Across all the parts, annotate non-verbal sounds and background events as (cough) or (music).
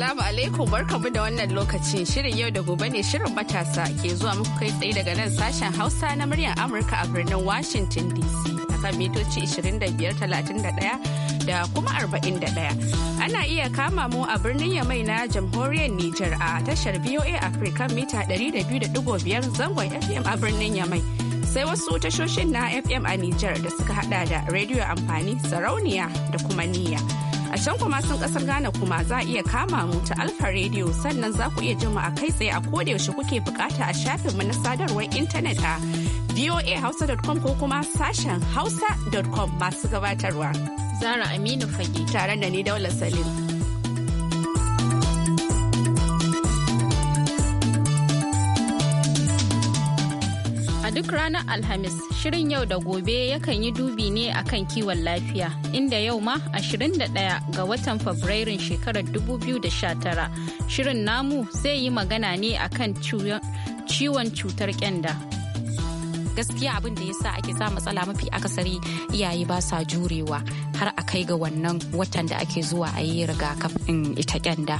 Assalamu alaikum barkamu da wannan lokacin shirin yau da gobe ne shirin matasa ke zuwa muku kai tsaye daga nan sashen Hausa na muryar Amurka a birnin Washington DC kan mitoci 25-31 da kuma 41. Ana iya kama mu a birnin Yamai na jamhuriyar Nijar a tashar VOA Africa mita 200.5 zangon FM a birnin Yamai. Sai wasu tashoshin na FM a Nijar da suka hada da rediyo amfani sarauniya da kuma niyya. can kuma sun kasar Ghana kuma za a iya kama mu ta Alfa Radio sannan za ku iya jin mu a kai tsaye a yaushe kuke bukata a shafin mu na sadarwar intanet a voahausa.com ko kuma sashen hausa.com masu gabatarwa. Zara Aminu Fage. Tare da ni Daula Salim. duk ranar Alhamis shirin yau da gobe yakan yi dubi ne akan kiwon lafiya inda yau ma 21 ga watan Fabrairun shekarar 2019 shirin namu zai yi magana ne akan ciwon cutar kyanda. gaskiya abin da sa ake sa matsala mafi akasari iyaye ba sa jurewa har a kai ga wannan watan da ake zuwa a yi rigakafin ita kyanda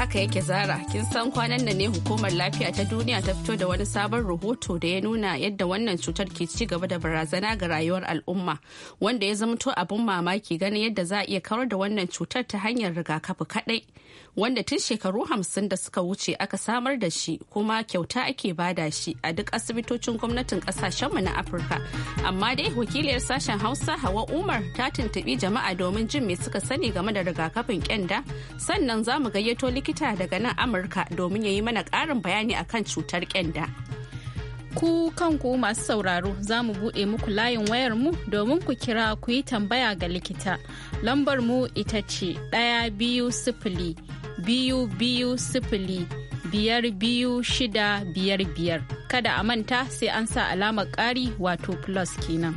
haka yake zara kin san kwanan nan ne hukumar lafiya ta duniya ta fito da wani sabon rahoto da ya nuna yadda wannan cutar ke ci gaba da barazana ga rayuwar al'umma wanda ya zamto abin mamaki ganin yadda za a iya kawar da wannan cutar ta hanyar rigakafi kadai wanda tun shekaru hamsin da suka wuce aka samar da shi kuma kyauta ake bada shi a duk asibitocin gwamnatin kasashenmu na afirka amma dai wakiliyar sashen hausa hawa umar ta tuntubi jama'a domin jin me suka sani game da rigakafin kyanda sannan za mu gayyato likita likita daga nan Amurka domin ya yi mana ƙarin bayani akan cutar kyanda. Ku kanku masu sauraro za mu buɗe muku layin wayar mu domin ku kira ku yi tambaya ga likita. Lambar mu ita ce ɗaya biyu sifili biyu biyu sifili biyar biyu shida biyar biyar. Kada a manta sai an sa alamar ƙari wato plus kenan.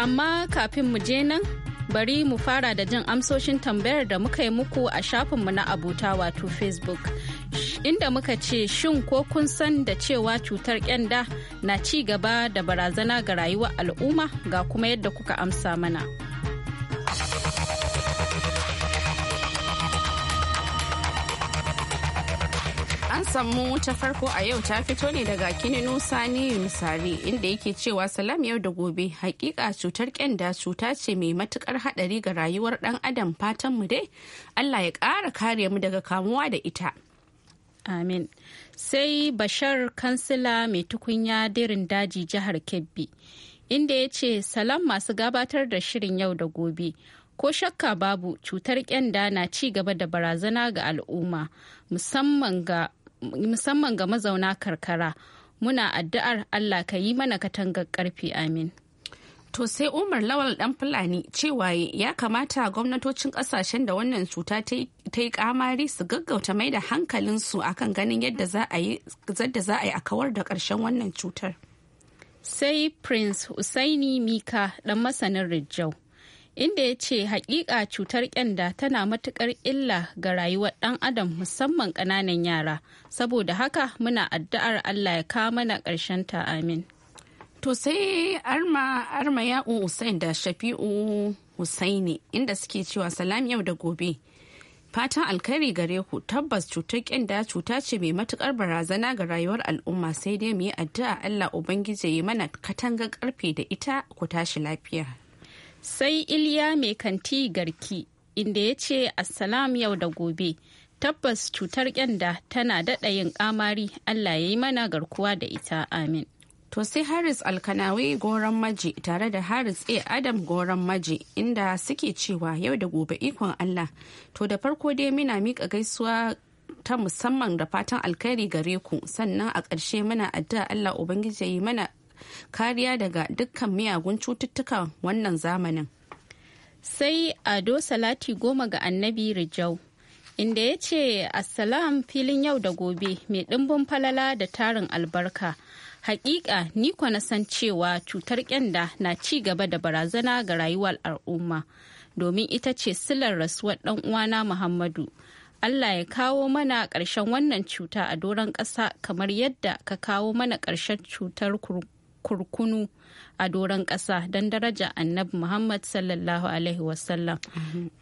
Amma kafin mu je nan bari mu fara da jin amsoshin tambayar da muka yi muku a shafinmu na abota wato Facebook. Inda muka ce shin ko kun san da cewa cutar kyanda na ci gaba da barazana ga rayuwar al'umma ga kuma yadda kuka amsa mana. an mu ta farko a yau ta fito ne daga Kininu Sani misali inda yake cewa salam yau da gobe hakika cutar kyanda cuta ce mai matukar hadari ga rayuwar dan adam fatan mu dai Allah ya kara kare mu daga kamuwa da ita. Amin. Sai Bashar Kansila mai tukunya dirin daji jihar Kebbi inda ya ce salam masu gabatar da shirin yau da gobe. ko shakka babu cutar kyanda na ci gaba da barazana ga al'umma musamman ga musamman ga mazauna karkara muna addu'ar allah ka yi mana katangar karfi amin To sai Umar Lawal dan Fulani cewa ya kamata gwamnatocin kasashen da wannan cuta ta yi kamari su gaggauta mai da hankalinsu akan ganin yadda za a yi a kawar da karshen wannan cutar. Sai Prince Hussaini Mika dan masanin Rijau inda ya ce hakika cutar kyanda tana matukar illa ga rayuwar dan adam musamman kananan yara saboda haka muna addu'ar allah ya kawo mana karshen ta amin to sai arma arma usain da shafi'u husaini inda suke cewa salam yau da gobe fatan alkhairi gare ku tabbas cutar kyanda cuta ce mai matukar barazana ga rayuwar al'umma sai dai mu yi addu'a allah ubangiji ya mana katanga karfe da ita ku tashi lafiya sai iliya mai kanti garki inda ya ce assalam yau da gobe tabbas cutar kyanda tana daɗa yin kamari allah ya yi mana garkuwa da ita amin to sai harris alkanawi goron maji tare da harris a adam goron maji inda suke cewa yau da gobe ikon allah to da farko dai muna miƙa gaisuwa ta musamman da fatan alkhairi gare ku sannan a ƙarshe muna addu'a allah ubangiji ya yi mana kariya daga dukkan miyagun cututtukan wannan zamanin. Sai Ado Salati goma ga annabi Rijau. inda ya ce assalam filin yau da gobe mai ɗimbin falala da tarin albarka hakika ni na san cewa cutar kyanda na ci gaba da barazana ga rayuwar al'umma domin ita ce silar rasuwar ɗan uwana muhammadu allah ya kawo mana ƙarshen wannan cuta a doron ƙasa kamar yadda ka kawo mana ƙarshen cutar kurkunu a doron ƙasa don daraja annabi Muhammad sallallahu Alaihi wasallam.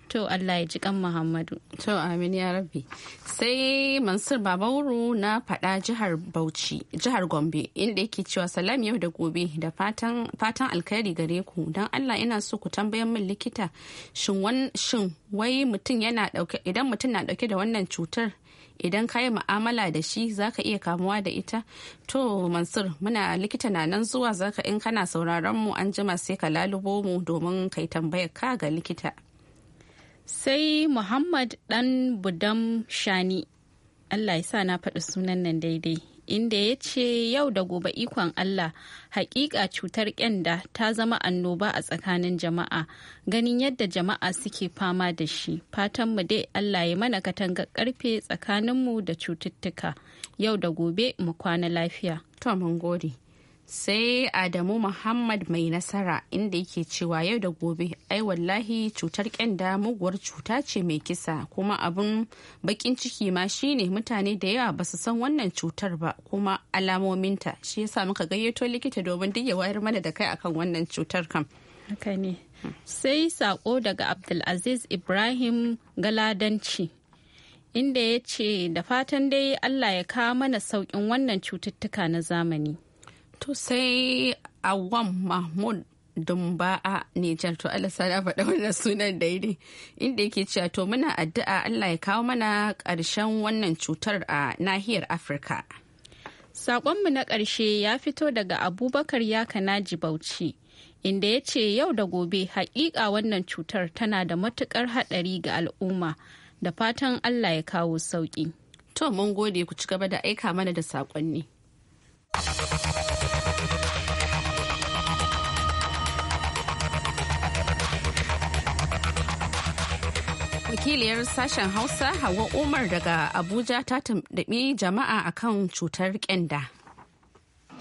To Allah ya ji kan Muhammadu. To amin ya rabbi. Sai Mansur Babauru na fada jihar Bauchi, jihar Gombe, inda yake cewa salam yau da gobe da fatan alkhairi gare ku. Don Allah ina so ku tambayan min likita shin wai mutum yana idan mutum na ɗauke da wannan cutar idan ka yi mu'amala da shi za ka iya kamuwa da ita to mansur muna likita na nan zuwa za ka in kana sauraron mu an jima sai ka lalubo mu domin kai tambayar ka ga likita sai muhammad dan budam shani allah ya sa na faɗi sunan nan daidai inda ya ce yau da gobe ikon Allah hakika cutar kyanda ta zama annoba a tsakanin jama'a ganin yadda jama'a suke fama da shi fatanmu dai Allah ya mana katanga karfe tsakaninmu da cututtuka yau da gobe mu kwana lafiya. To mun gode. sai adamu muhammad mai nasara inda yake cewa yau da gobe ai wallahi cutar kyanda muguwar cuta ce mai kisa kuma abun bakin ciki ma shine mutane da yawa basu san wannan cutar ba kuma alamominta shi yasa muka gayyato likita domin duk ya wayar mana da kai akan wannan cutar kam haka ne hmm. sai sako daga abdulaziz ibrahim galadanci inda ya ce da fatan dai allah ya kawo mana saukin wannan cututtuka na zamani To sai Awam Mahmud Dumba a Nijar to Allah sana faɗa wannan sunan daidai inda yake cewa to muna addu'a Allah ya kawo mana ƙarshen wannan cutar a nahiyar Afirka. Saƙonmu na ƙarshe ya fito daga Abubakar Yaka Naji Bauchi inda ya ce yau da gobe haƙiƙa wannan cutar tana da matuƙar haɗari ga al'umma da fatan Allah ya kawo sauƙi. To mun gode ku ci gaba da aika mana da saƙonni. wakiliyar sashen hausa hawa umar daga abuja ta tambaye jama'a akan cutar kyanda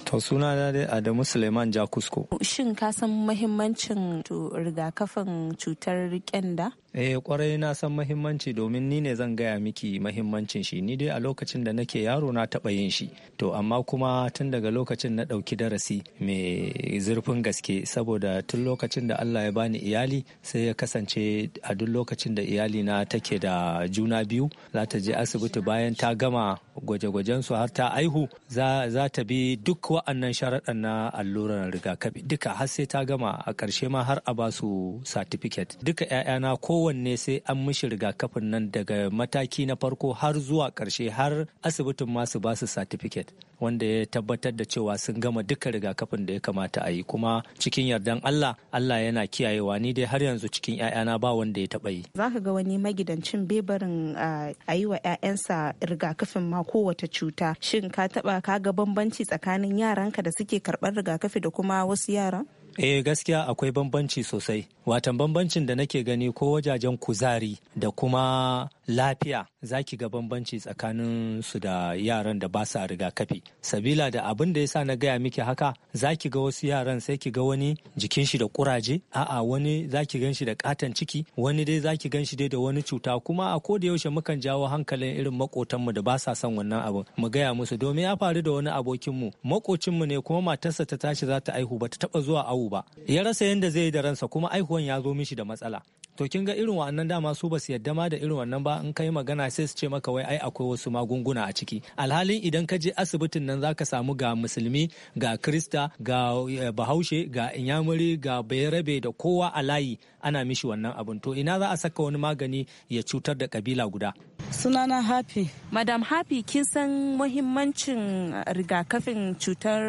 To suna na dai Adamu Suleiman Jakusko. Shin ka san mahimmancin rigakafin cutar kyanda? Eh kwarai na san mahimmanci domin ni ne zan gaya miki mahimmancin shi ni dai a lokacin da nake yaro na taɓa yin shi to amma kuma tun daga lokacin na ɗauki darasi mai zurfin gaske saboda tun lokacin da Allah ya bani iyali sai ya kasance a duk lokacin da iyali na take da juna biyu za ta je asibiti bayan ta gama gwaje-gwajen su har ta aihu za ta bi duk wa'annan sharaɗan na alluran rigakafi duka har sai ta gama a ƙarshe ma har a ba su certificate duka 'ya'yana ko kowanne sai an mishi rigakafin nan daga mataki na farko har zuwa karshe har asibitin masu basu satifiket wanda ya tabbatar da cewa sun gama duka rigakafin da ya kamata a yi kuma cikin yardan Allah Allah yana kiyayewa ni dai har yanzu cikin 'ya'yana ba wanda ya taɓa yi. Za ka ga wani magidancin bebarin ah, a yi wa 'ya'yansa rigakafin ma kowace cuta shin ka taɓa ka ga bambanci tsakanin yaranka da suke karɓar rigakafi da kuma wasu yaran? Eh gaskiya akwai bambanci sosai. Watan bambancin da nake gani ko wajajen kuzari da kuma lafiya za ki ga bambanci tsakanin su da yaran da ba sa rigakafi sabila da abin da yasa na gaya miki haka za ki ga wasu yaran sai ki ga wani jikin shi da kuraje a'a wani za ki gan da katon ciki wani dai za ki gan dai da wani cuta kuma a ko da yaushe mukan jawo hankalin irin makotanmu da ba sa son wannan abin mu gaya musu domin ya faru da wani abokinmu makocinmu ne kuma matarsa ta tashi za ta aihu ba ta taba zuwa awu ba ya rasa yadda zai yi da ransa kuma aihuwan ya zo mishi da matsala to kin ga irin wa'annan dama su basu su yadda ma da irin wannan ba in kai magana sai su ce maka wai ai akwai wasu magunguna a ciki alhalin idan ka je asibitin nan zaka samu ga musulmi ga krista ga eh, bahaushe ga inyamuri ga bayarabe da kowa a layi ana mishi wannan abin to ina za a saka wani magani ya cutar da kabila guda sunana hafi madam hafi kin san muhimmancin rigakafin cutar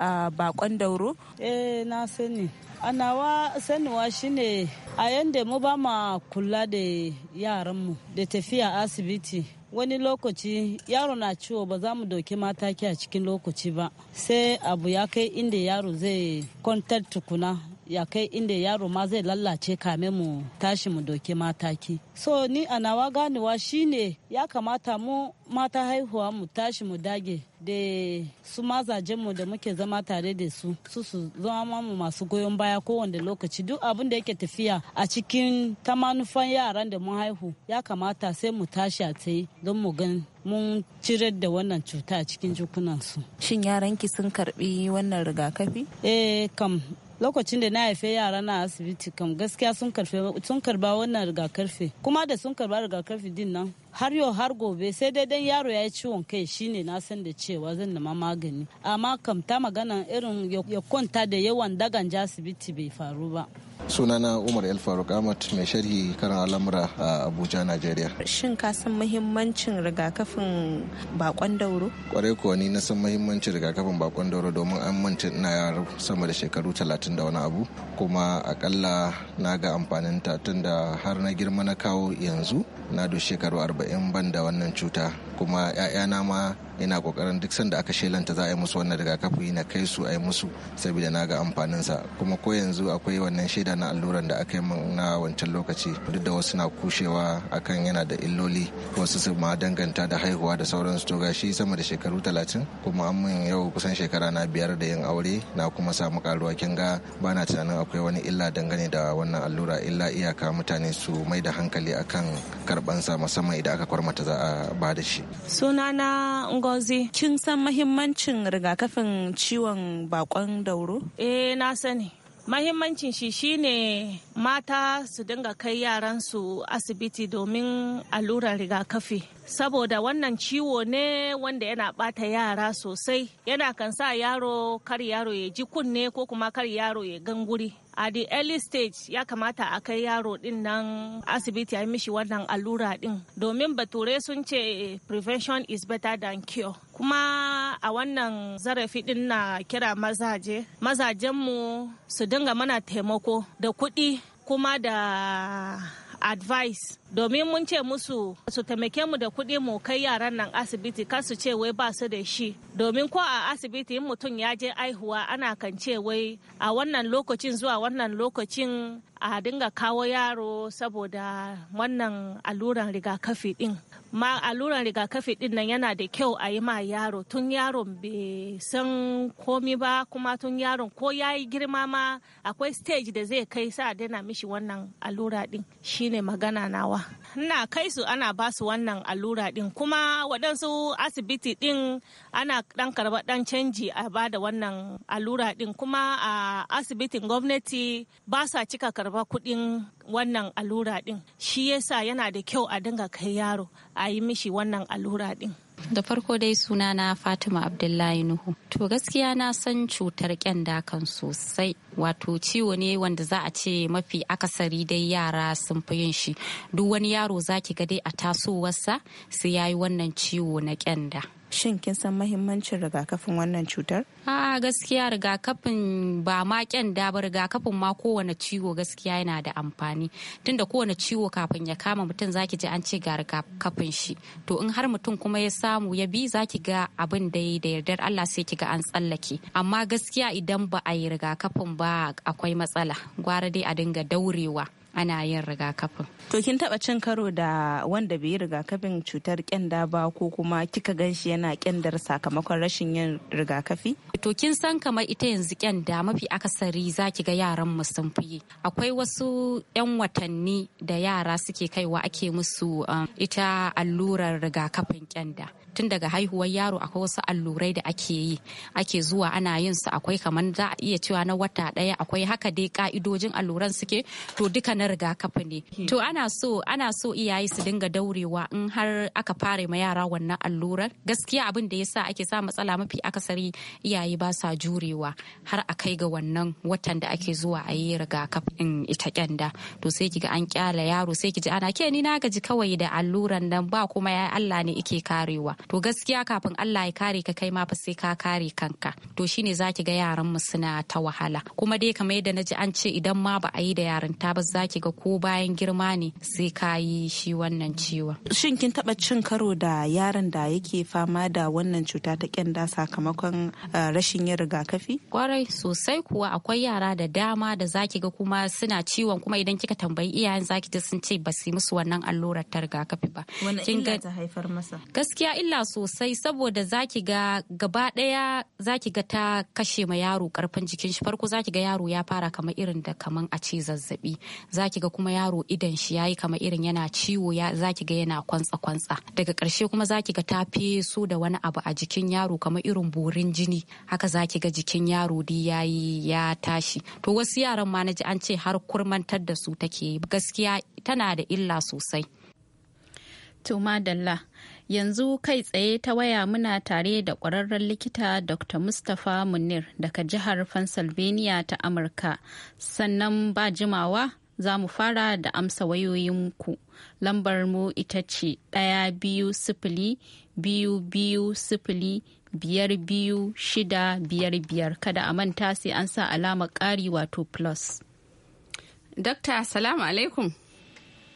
ah, bakon dauro eh na sani a nawa sanuwa shine a yanda mu ba ma kula da yaranmu da tafiya asibiti wani lokaci yaro na ciwo ba za mu doki mataki a cikin lokaci ba sai abu ya kai inda yaro zai kwantar tukuna ya kai inda yaro ma zai lallace kame mu tashi mu doki mataki so ni a nawa ganewa shine ya kamata mu mata haihuwa mu tashi mu dage da su mu da muke zama tare da su su su zama mu masu goyon baya wanda lokaci duk abin da yake tafiya a cikin ta manufan yaran da mun haihu ya kamata sai mu tashi a tsaye don mu gan mun cire da wannan cuta a cikin su Shin yaranki sun karbi wannan rigakafi? Eh kam lokacin da na haife yara na asibiti kam gaskiya sun karba wannan rigakafi kuma da sun karba rigakafi din nan har yau har gobe sai dai dan yaro ya yi ciwon kai shine na san da cewa zan nema magani amma kam ta magana irin ya kwanta da yawan dagan asibiti bai faru ba sunana umar el faruk ahmad mai sharhi karin al'amura a abuja nigeria shin ka san muhimmancin rigakafin bakon dauro kwarai kuwa ni na san muhimmancin rigakafin bakon dauro domin an manta ina yaro sama da shekaru talatin da wani abu kuma akalla na ga amfanin ta tun da har na girma na kawo yanzu na da shekaru arba'in ban da wannan cuta kuma 'ya'yana ma ina kokarin duk sanda aka shelanta za a yi musu wannan rigakafi ina kai su a yi musu saboda na ga amfaninsa kuma ko yanzu akwai wannan shaida na alluran da aka yi min na wancan lokaci duk da wasu na kushewa akan yana da illoli wasu su ma danganta da haihuwa da sauransu to gashi sama da shekaru talatin kuma an min yau kusan shekara na biyar da yin aure na kuma samu karuwa kin ga bana tunanin akwai wani illa dangane da wannan allura illa iyaka mutane su mai da hankali akan sa musamman idan aka kwarmata za a ba da shi sunana Ngozi, kin san mahimmancin rigakafin ciwon bakon dauro? Eh, na sani. Mahimmancin shi shine mata su dinga kai yaran su asibiti domin allurar rigakafi. saboda wannan ciwo ne wanda yana bata yara sosai yana kan sa yaro kar yaro ya ji kunne ko kuma kar yaro ya ganguri a the early stage ya kamata a kai yaro din nan asibiti yi mishi wannan allura din domin bature sun ce prevention is better than cure kuma a wannan zarafi din na kira mazaje mazajenmu su dinga mana taimako da kuɗi kuma da advice domin mun ce musu su taimake mu da kuɗi mu kai yaran nan asibiti kar su ce wai ba su da shi domin ko a asibiti in mutum ya je aihuwa ana kan ce wai a wannan lokacin zuwa wannan lokacin a dinga kawo yaro saboda wannan alluran rigakafi din ma alluran rigakafi din nan yana da kyau a yi ma yaro tun yaron bai san komi ba kuma tun yaron ko ya yi girma ma akwai stage da zai kai sa dana mishi wannan allura din shine magana nawa kulawa. ina kai su ana ba su wannan allura din kuma waɗansu asibiti din ana ɗan karɓar ɗan canji a ba da wannan allura din kuma a asibitin gwamnati ba sa cika karɓar kuɗin wannan allura din shi yasa yana da kyau a dinga kai yaro a yi mishi wannan allura din Da farko dai suna na Fatima Abdullahi Nuhu. To gaskiya na san cutar kyanda kan sosai. Wato ciwo ne wanda za a ce mafi akasari dai yara sun fi yin shi. Duk wani yaro zaki ga dai a tasowarsa sai yayi wannan ciwo na kyanda. shin kin san mahimmancin rigakafin wannan cutar? A gaskiya rigakafin ba ma da ba rigakafin ma kowane ciwo gaskiya yana da amfani. Tunda kowane ciwo kafin ya kama mutum zaki ji an ce ga rigakafin shi. To in har mutum kuma ya samu ya bi zaki ga abin da ya da yardar Allah sai kiga an tsallake. Amma gaskiya idan ba a yi rigakafin ba akwai matsala. Gwara dai a dinga daurewa. ana yin rigakafin. To kin taba cin karo da wanda bai yi rigakafin cutar kyanda ba ko kuma kika ganshi yana kyandar sakamakon rashin yin rigakafi? To kin san kamar ita yanzu kyanda mafi akasari ki ga yaran mu sun fiye. Akwai wasu 'yan watanni da yara suke kaiwa ake musu um, ita allurar rigakafin kyanda. tun daga haihuwar yaro akwai wasu allurai da ake yi ake zuwa ana yin su akwai kamar za a iya cewa na wata ɗaya akwai haka dai ka'idojin alluran suke to duka na na kafa ne hmm. to ana so ana so iyaye su dinga daurewa in har aka fara ma yara wannan allurar gaskiya abin da ya sa ake sa matsala mafi akasari iyaye ba sa jurewa har a kai ga wannan watan da ake zuwa a yi kafin ita kyanda to sai kiga an kyala yaro sai ki ji ana ke ni na gaji kawai da alluran nan ba kuma ya Allah ne ike karewa to gaskiya kafin Allah ya kare ka kai ma fa sai ka kare kanka to shine zaki ga yaran mu suna ta wahala kuma dai kamar yadda ji an ce idan ma ba a yi da yarinta ba zaki ga ko bayan girma ne sai ka yi shi wannan ciwon. Shin kin taba cin karo da yaron da yake fama da wannan cuta ta kyanda sakamakon eh, rashin yin rigakafi? Kwarai sosai kuwa akwai yara da dama da zaki ga kuma suna ciwon kuma idan kika tambayi iyayen zaki ji sun ce ba su musu wannan allurar ta rigakafi ba. Wani illa ta haifar masa? Gaskiya illa sosai saboda zaki ga gaba daya zaki ga ta kashe ma yaro karfin jikin shi farko zaki ga yaro ya fara kamar irin da kaman a ce zazzabi. zaki ga kuma yaro idan shi yayi kama irin yana ciwo ya zaki ga yana kwantsa kwantsa daga karshe kuma zaki ga ta feso da wani abu a jikin yaro kama irin borin jini haka zaki ga jikin yaro di yayi ya tashi to wasu yaran ma naji an ce har kurmantar da su take gaskiya tana da illa sosai to madalla yanzu kai tsaye ta waya muna tare da kwararren likita dr mustapha munir daga jihar pennsylvania ta amurka sannan ba jimawa za mu fara da amsa wayoyinku lambar mu ita ce ɗaya biyu sifili biyu biyu sifili biyar biyu shida biyar biyar kada a manta sai an sa alama ƙari wato plus. Dokta salamu alaikum.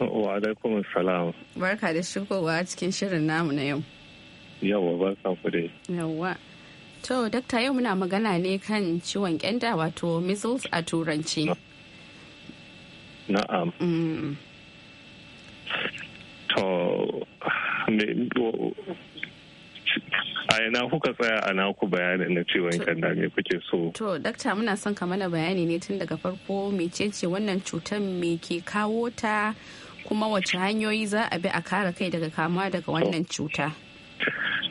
Wa alaikum salam. Barka da shigowa cikin shirin namu na yau. Yawwa barka ku dai. Yawwa. To, Dokta yau muna magana ne kan ciwon kyanda wato measles a turanci. na'am mm. to a yana kuka tsaya a naku bayanin na ciwon da me kuke so to dakta muna son ka mana bayani ne tun daga farko mecece wannan cutar me ke kawo ta kuma wace hanyoyi za a bi a kare kai daga kamuwa daga wannan cuta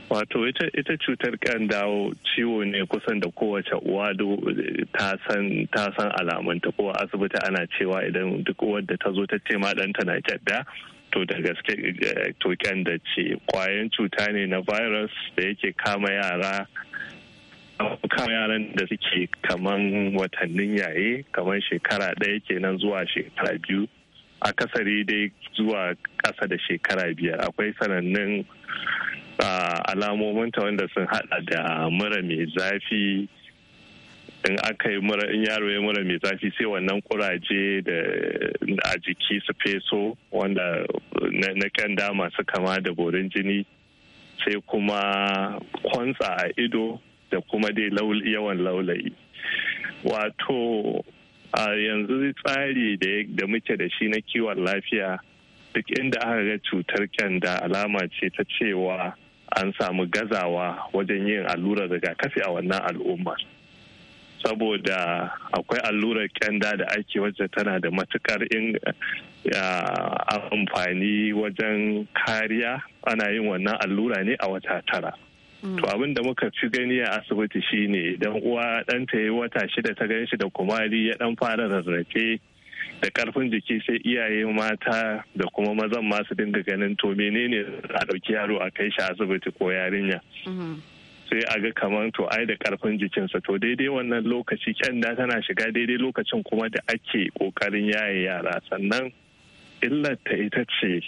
wato ita cutar kandawo ciwo ne kusan da kowace uwa ta san alamunta ko asibiti ana cewa idan duk wadda ta zo ta ce ma ɗanta na kyadda to da gaske eh, token da ce kwayan cuta ne na virus da yake kama yara kama yaran da suke kaman watannin yaye kaman shekara ɗaya kenan zuwa shekara biyu akasari dai zuwa ƙasa da shekara biyar akwai sanannun alamominta wanda sun hada da mura mai zafi in aka yi mura in yaro ya mura mai zafi sai wannan kuraje da a jiki su feso wanda na dama masu kama da borin jini sai kuma kwantsa a ido da kuma dai yawan laulayi wato a yanzu tsari da muke da shi na kiwon lafiya duk inda aka ga cutar kyanda alama ce ta cewa an samu gazawa wajen yin allurar rigakafi a wannan al'ummar saboda akwai allurar kyanda da ake wacce tana da matukar amfani wajen kariya ana yin wannan allura ne a wata tara to abin da muka fi gani a asibiti shine idan uwa ta yi wata shida ta gan shi da kumari ya ɗan fara rarrafe da karfin jiki sai iyaye mata da kuma mazan masu dinga ganin to menene a ɗauki yaro a kai shi asibiti ko yarinya mm-hmm. sai a ga kamar to ai da karfin jikinsa to daidai wannan lokaci kyanda tana shiga daidai lokacin kuma da ake kokarin yaye yara sannan illar ta ita ce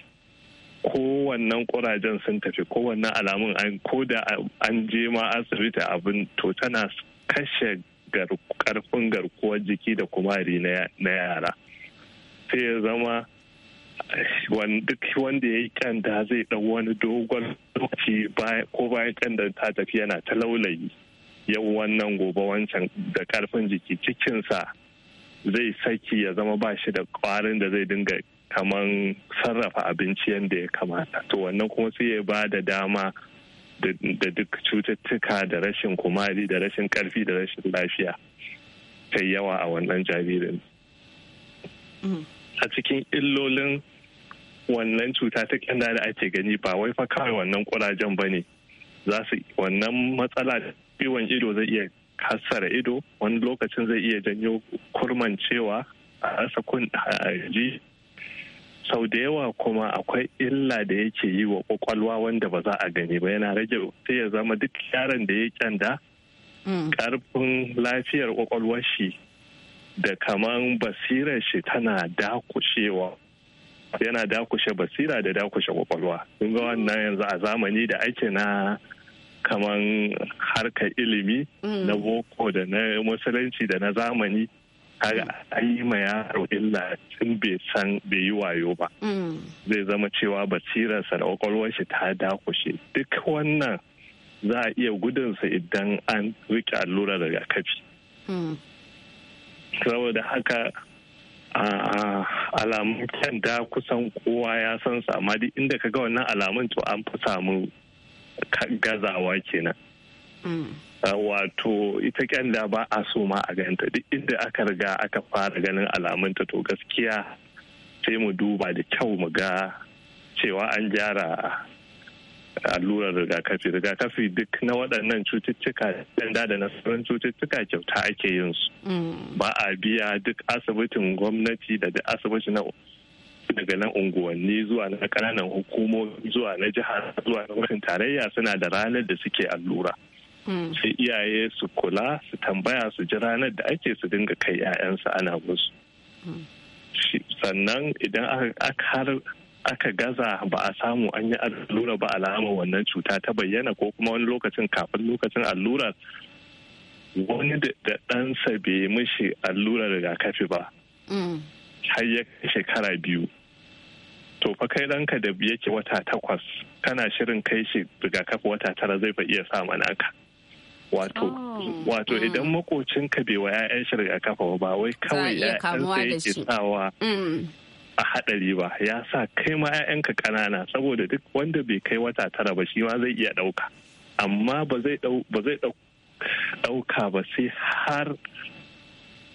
kowannan kurajen sun tafi kowannan alamun an ko da an je ma asibiti abin to tana kashe karfin garkuwar jiki da kumari na yara sai ya zama duk wanda ya yi kyanda zai ɗau wani dogon lokaci ko bayan kyanda ta tafi yana ta laulayi yau wannan gobe wancan da karfin jiki cikinsa zai saki ya zama ba shi da kwarin da zai dinga kaman sarrafa abinci yadda ya kamata to wannan kuma sai ya ba da dama da duk cututtuka da rashin kumari da rashin karfi da rashin lafiya ta yawa a wannan jaririn mm. a cikin illolin wannan cuta ta kyanda da ake gani ba wai fa kawai wannan kurajen ba ne za su wannan matsala ciwon ido zai iya kassara ido wani lokacin zai iya janyo kurmancewa a rasa kun ji sau da yawa kuma akwai illa da yake yi wa kwakwalwa wanda ba za a gani ba yana rage sai ya zama duk yaron da ya kyanda mm. karfin lafiyar kwakwalwar shi da kaman basirar shi tana dakushewa yana dakushe basira da dakushe kwakwalwa kun ga wannan yanzu a zamani da ake na kaman harkar ilimi mm. na boko da na musulunci da na zamani kaga an ma yaro illa tun bai san bai yi wayo ba mm. zai zama cewa basirarsa da kwakwalwar shi ta dakushe duk wannan za a iya gudunsa idan an rike allurar rigakafi mm. saboda haka alamun kyanda kusan kowa ya san su amma duk inda ka ga wannan alamun to an fi samu gazawa kenan mm. Eh, wato ita kyanda ba a so ma a ganta duk inda aka riga aka fara ganin alamunta to gaskiya sai mu duba da kyau mu ga cewa an gyara allurar rigakafi rigakafi duk na waɗannan cututtuka danda da nasarar cututtuka kyauta ake yin su mm. ba a biya duk asibitin gwamnati da duk asibiti na daga nan unguwanni zuwa na ƙananan hukumomi zuwa na jihar zuwa na tarayya suna da ranar da suke allura. Mm. sai iyaye su kula su tambaya su ji ranar da ake su dinga kai 'ya'yansu ana musu mm. sannan idan aka aka gaza ba a samu an yi allura ba alama wannan cuta ta bayyana ko kuma wani lokacin kafin lokacin allurar wani da ɗansa bai mishi allurar rigakafi ba mm. har ya shekara biyu to fa kai ɗanka da yake wata takwas kana shirin kai shi rigakafi wata tara zai fa iya sa ka. wato oh. wato mm. idan ka bai wa 'ya'yan shi rigakafi ba wai kawai 'ya'yan sai yake sawa mm. a haɗari ba ya sa kai ma 'ya'yanka ƙanana saboda duk wanda bai kai wata tara ba shi ma zai iya ɗauka amma ba zai ɗauka ba sai har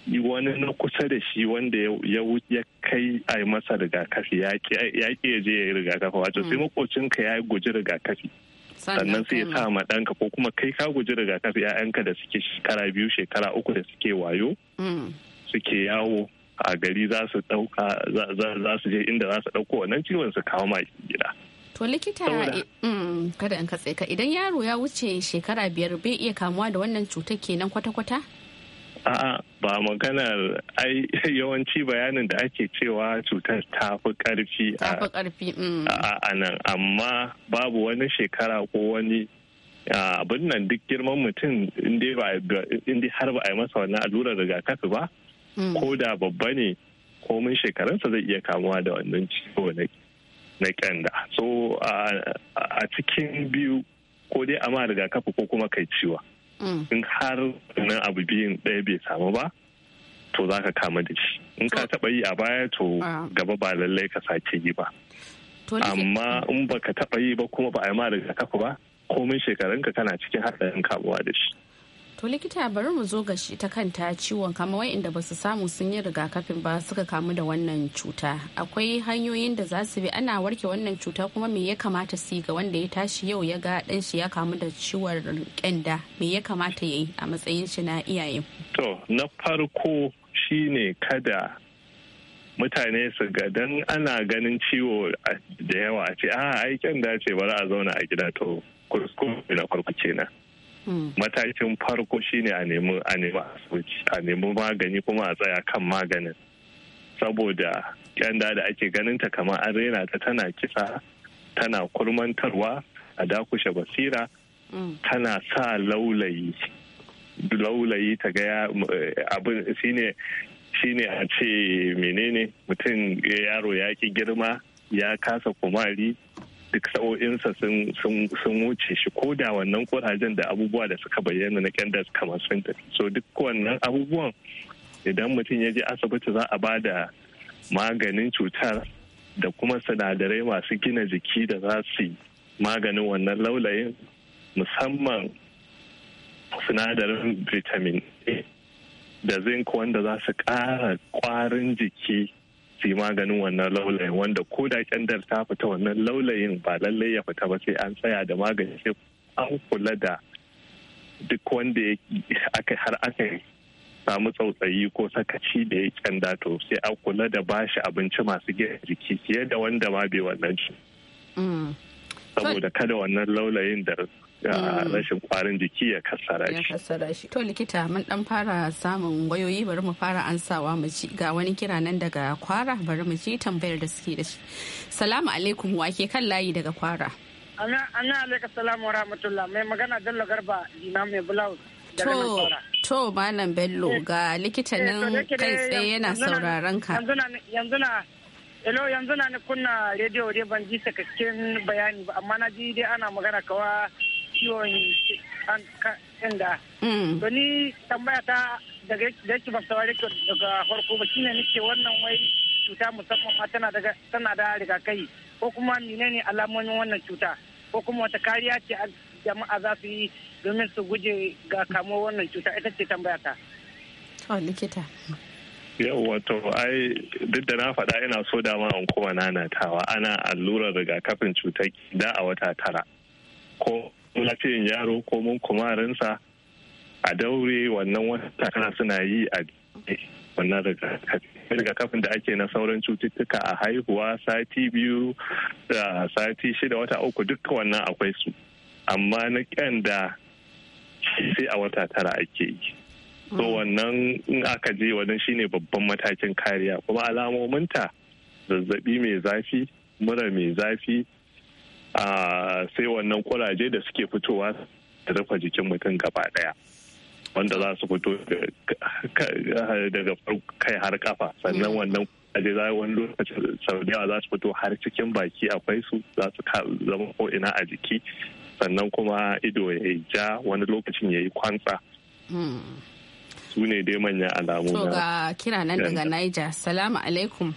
wani na kusa da shi wanda ya kai a masa rigakafi ya ƙi ya je ya yi rigakafi wato sai mm. ka ya guji rigakafi sannan sai ya sa ma ɗanka ko kuma kai ka guji rigakafi 'ya'yanka da suke shekara biyu shekara uku da suke wayo mm. suke yawo a gari za su ɗauka za su je inda za su ɗauko wannan ciwon su kawo ma gida. To likita eh, mm, kada in katse ka idan yaro ya wuce shekara biyar bai iya kamuwa da wannan cutar kenan kwata-kwata? A'a ba maganar ai yawanci bayanin da ake cewa cutar ta fi karfi mm. a nan amma babu wani shekara ko wani abin nan duk girman mutum inda har ba a yi masa wannan allurar rigakafi ba mm. ko da babba ne komin shekarunsa zai iya kamuwa da wannan ciwo na kyanda so a cikin biyu ko dai a ma rigakafi ko kuma kai ciwa. Mm. in har wannan abu biyun ɗaya bai samu ba to za ka kama da shi in ka taɓa yi a baya to ah. gaba ba lallai ka sake yi ba amma in baka taɓa yi ba kuma ba a yi ma kafa ba komin shekarunka kana cikin haɗarin kamuwa da shi To likita bari mu zo ga shi ta kanta ciwon kama wa'inda ba su samu sun yi rigakafin ba suka kamu da wannan cuta. Akwai hanyoyin da za su bi ana warke wannan cuta kuma me ya kamata su ga wanda ya tashi yau ya ga dan shi ya kamu da ciwon kyanda me ya kamata ya yi a matsayin shi na iyaye. To na farko shine kada mutane su ga dan ana ganin ciwo da yawa a ce a ah, aikin da ce bari a zauna a gida to kuskure na farko kenan. matakin farko shine a nemi a asibiti a nemi magani kuma a tsaya kan maganin saboda kyanda da ake ganin ta kamar an rena ta tana kisa tana kurmantarwa a dakushe basira tana sa laulayi laulayi ta ga abin shine shine a ce menene mutum yaro ya ki girma ya kasa kumari duk sa'o'insa sun wuce shi ko da wannan kurajen da abubuwa da suka bayyana na kyanda kamar sun tafi so duk wannan abubuwan idan mutum ya je asibiti za a ba da maganin cutar da kuma sinadarai masu gina jiki da za su maganin wannan laulayin musamman sinadarin vitamin a da zinc wanda za su ƙara ƙwarin jiki su maganin wannan laulayin wanda ko da kyandar ta fita wannan laulayin ba lallai ya fita ba sai an tsaya da magani sai an kula da duk wanda aka har aka samu tsautsayi ko sakaci da ya kyanda to sai an kula da bashi abinci masu gina jiki fiye da wanda ma bai wannan ci. Mm. Saboda kada wannan laulayin da Mm. rashin kwarin jiki ya kasara shi. Ya kasara shi. To likita mun dan fara samun wayoyi bari mu fara ansawa mu ci ga wani kira nan daga kwara bari mu ci tambayar da suke da shi. Salamu alaikum wake kan layi daga kwara. Ana alaikum salamu wa rahmatullah mai magana Bello Garba dina mai blouse. To, to Malam Bello eh, ga likita eh, nan kai eh, tsaye yana sauraron ka. Yanzu na Hello yanzu na ni kunna rediyo dai ban ji sakakken bayani ba amma na ji dai ana magana kawa ciwon kanda. Mm. To ni tambaya ta daga yake ba saurare daga farko ba shine nake wannan wai cuta musamman ma tana da tana da rigakai ko kuma menene alamomin wannan cuta ko kuma wata kariya ce jama'a za su yi domin su guje ga kamo wannan cuta ita ce tambaya ta. Oh, likita. yawwa to ai duk da na faɗa ina so dama in kuma nanatawa ana allurar rigakafin cutar da a wata tara ko lafiyan yaro ko mun kumarinsa a daure wannan wata kana suna yi a wannan rigakafin da ake na sauran cututtuka a haihuwa sati biyu da sati shida wata uku duka wannan akwai su amma na kyan da sai a wata tara ake yi so mm. wannan in aka je wannan shine babban matakin kariya kuma alamominta zazzabi mai zafi mura mai zafi sai wannan kuraje da suke fitowa da rufe jikin mutum gaba daya wanda za su fito daga kai har kafa sannan wannan aje za wani lokacin sau da yawa za su fito har cikin baki akwai su za su zama ko ina a jiki sannan kuma ido ya ja wani lokacin ya yi kwantsa su ne dai manyan alamu na ga kira nan daga Niger salamu alaikum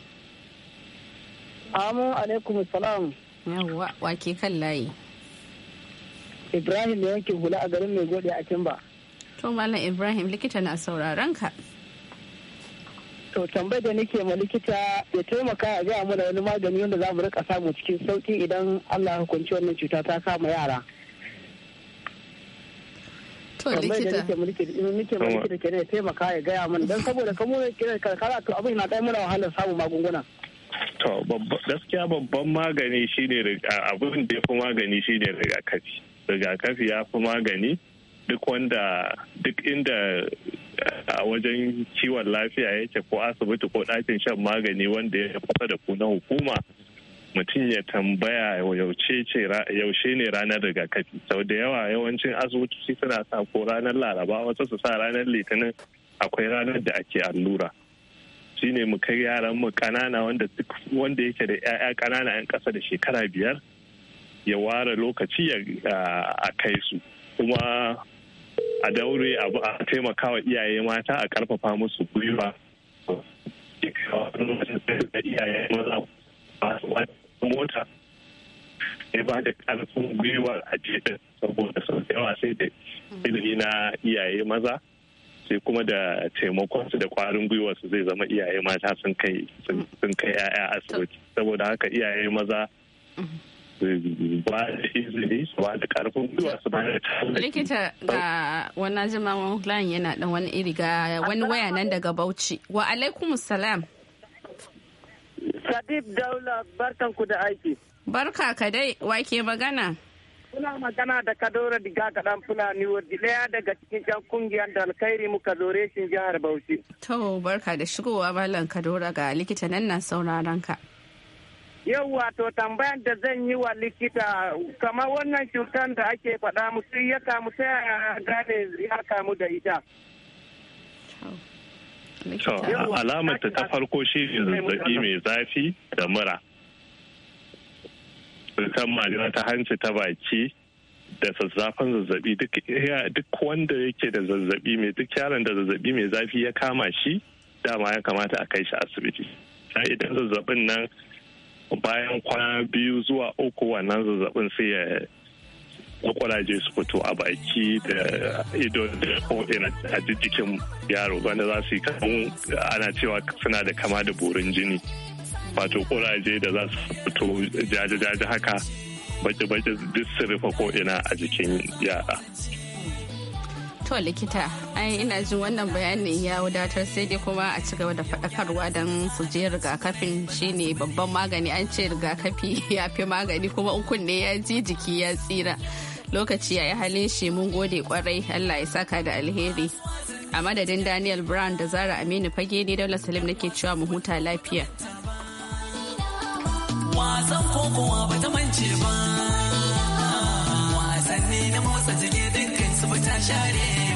Amu alaikum salam yawwa wake kan layi ibrahim yankin hula a garin mai gode a kimba to malam ibrahim likita na sauraron ka to tambayar da nake ma likita ya taimaka a gaya mana wani magani wanda za mu rika samu cikin sauki idan allah hukunci wannan cuta ta kama yara to likita nike ma likita ke ne taimaka ya gaya mana don saboda kamo kira karkara to abin na ɗaya mana wahalar samun magunguna To gaskiya babban magani shine abin da ya fi magani shine rigakafi. Rigakafi ya fi magani duk wanda duk inda a wajen kiwon lafiya yake ko asibiti ko ɗakin shan magani wanda ya kusa da ku na hukuma mutum ya tambaya yaushe ne ranar rigakafi sau da yawa yawancin asibitoci suna sa ko ranar laraba wasu su sa ranar litinin akwai ranar da ake allura. shine mu kai yaran mu kanana wanda wanda yake da ƴaƴa kanana 'yan ƙasa da shekara biyar ya ware lokaci ya a kai su kuma a daure a taimaka wa iyaye mata a karfafa musu gwiwa iyaye maza mota ya ba da karfin gwiwa a saboda sau da yawa sai da ilimi na iyaye maza sai kuma da taimakon su da kwarin gwiwa su zai zama iyaye mata sun kai sun kai yaya asibiti saboda haka iyaye maza ba da izini su ba da karfin gwiwa su ba da likita ga wannan jima'a layin yana dan wani iri ga wani waya nan daga bauchi wa alaikum salam sadiq daula barkanku da aiki barka ka dai ke magana Kuna magana da Kadora Diga dan Fulani Wardi daya daga cikin jan kungiyar da alkhairi muka dore shi jihar Bauchi. To barka da shigowa Malam Kadora ga likita nan na sauraron ka. Yau wato tambayan da zan yi wa likita kamar wannan cutar da ake faɗa musu ya kamu ta yaya gane ya kamu da ita. Alamar ta farko shi zazzabi mai zafi da mura. fitar majina ta hanci ta baki da zazzafan zazzabi duk wanda yake da zazzabi mai duk yaron da zazzabi mai zafi ya kama shi dama ya kamata a kai shi asibiti sai idan zazzabin nan bayan kwana biyu zuwa uku wannan zazzabin sai ya kwakwaraje su fito a baki da ido da ko'ina a jikin yaro wanda za su yi ana cewa suna da kama da burin jini wato kuraje da za su fito jaje-jaje haka baki-baki duk su rufe ko ina a jikin yara. To likita, ai ina jin wannan bayanin ya wadatar sai dai kuma a ci gaba da faɗakarwa don su je rigakafin shine babban magani an ce rigakafi (laughs) ya fi magani kuma in kunne ya ji jiki ya tsira. Lokaci ya yi halin shi mun gode kwarai Allah ya saka da alheri. A madadin Daniel Brown da Zara Aminu fage ne Daula Salim nake cewa mu huta lafiya. wasan kokowa ba ta mance ba wasanni na motsa jiki dukkan su ba ta share